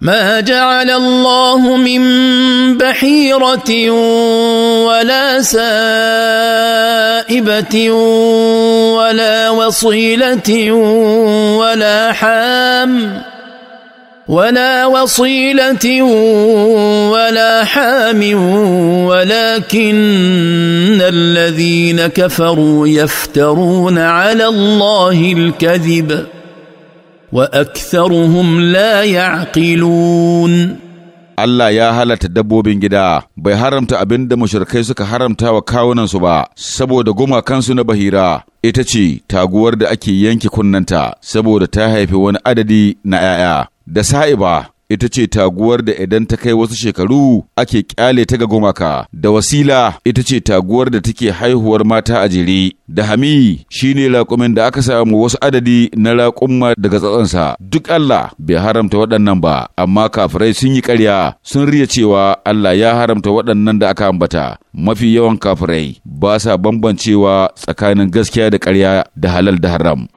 ما جعل الله من بحيرة ولا سائبة ولا وصيلة ولا حام ولا وصيلة ولا حام ولكن الذين كفروا يفترون على الله الكذب وأكثرهم لا يعقلون Allah ya halatta dabbobin gida bai haramta abin da suka haramta wa kawunansu ba saboda gumakansu na bahira ita ce taguwar da ake yanke kunnanta saboda ta haifi wani adadi na ‘ya'ya da sa'iba ita ce taguwar da idan ta kai wasu shekaru ake kyale ta ga gumaka da wasila ita ce taguwar da take haihuwar mata a jere da hami shine laƙumin da aka samu wasu adadi na raƙumma daga tsatsansa duk Allah bai haramta waɗannan ba amma kafirai sun yi ƙarya sun riya cewa Allah ya haramta waɗannan da aka ambata mafi yawan kafirai ba sa bambancewa tsakanin gaskiya da ƙarya da halal da haram